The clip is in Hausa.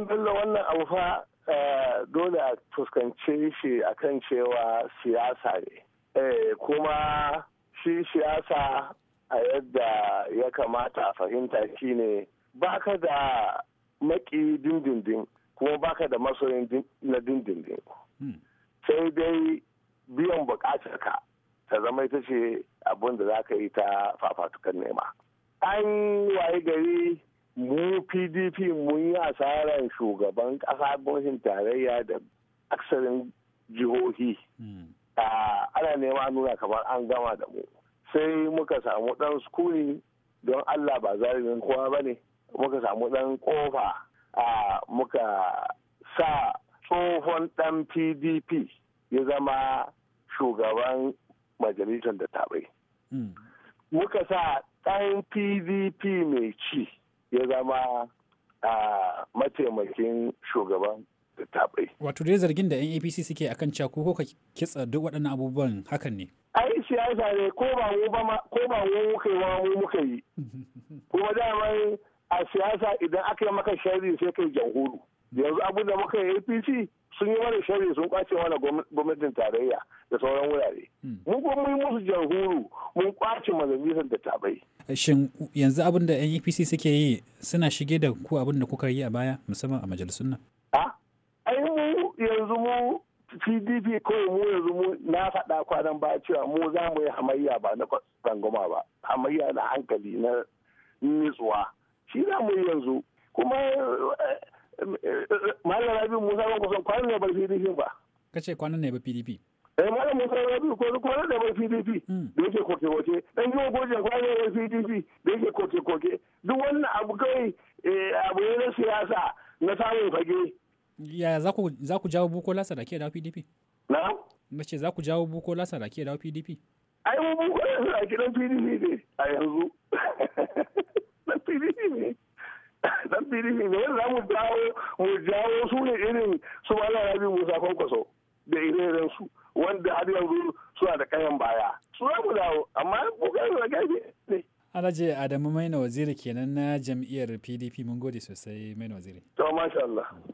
an bello wannan abu eh, dole a fuskance shi akan cewa siyasa ne eh, kuma shi siyasa a yadda ya kamata a fahimta shine baka da maki dindindin kuma baka da masoyin na dindindin hmm. sai dai biyan bukatarka ta zama ita ce abin da za ka yi ta fafatukan nema an waye gari mu pdp mun yi asarar shugaban ƙasa gwamnatin tarayya da aksarin jihohi hmm. ana nema nuna kamar an gama da mu sai muka samu ɗan skuni don allah ba zalimin kowa ba ne muka samu ɗan ƙofa muka sa tsohon ɗan pdp ya zama shugaban majalisar da tabai hmm. muka sa ɗan pdp mai ci ya zama a mataimakin shugaban tabai. Wato dai zargin da 'yan APC suke akan cewa ko ka kitsa duk waɗannan abubuwan hakan ne. Ai siyasa ne ko ba mu ba muka yi ba mu muka yi. Kuma daman a siyasa idan aka yi maka sharri sai kai jamhuru. yanzu abin da muka yi apc sun yi mana shari sun kwace mana gwamnatin tarayya da sauran wurare hmm. mu kuma mun musu jamhuru mun kwace majalisar da tabai shin yanzu abin da yan apc suke yi suna shige da ku abin da kuka yi a baya musamman a majalisun nan a ai mu yanzu mu pdp kawai mu yanzu mu na faɗa kwanan ba cewa mu za mu yi hamayya ba na rangoma ba hamayya na hankali na nitsuwa shi za mu yi yanzu kuma malam rabi musa ban kusan kwanan ne bar pdp ba ka ce kwanan ne ba pdp eh malam musa rabi ko kwanan ne bar pdp hmm. da yake koke koke dan yi goje kwanan ne bar pdp da yake koke koke duk wannan abu kai eh, abu ne na siyasa na samun fage ya za ku jawo buko lasa da ke da pdp na mace za ku jawo buko lasa da ke da pdp ai mu buko lasa da ke da pdp ne a yanzu pdp da wanda za mu dawo mu jawo su ne irin su ba rabi musa kwankwaso da ire su wanda har yanzu suna da kayan baya su za mu dawo amma kokarin da gaji ne Alhaji Adamu Maina Waziri kenan na jam'iyyar PDP mun gode sosai Maina Waziri. To masha Allah.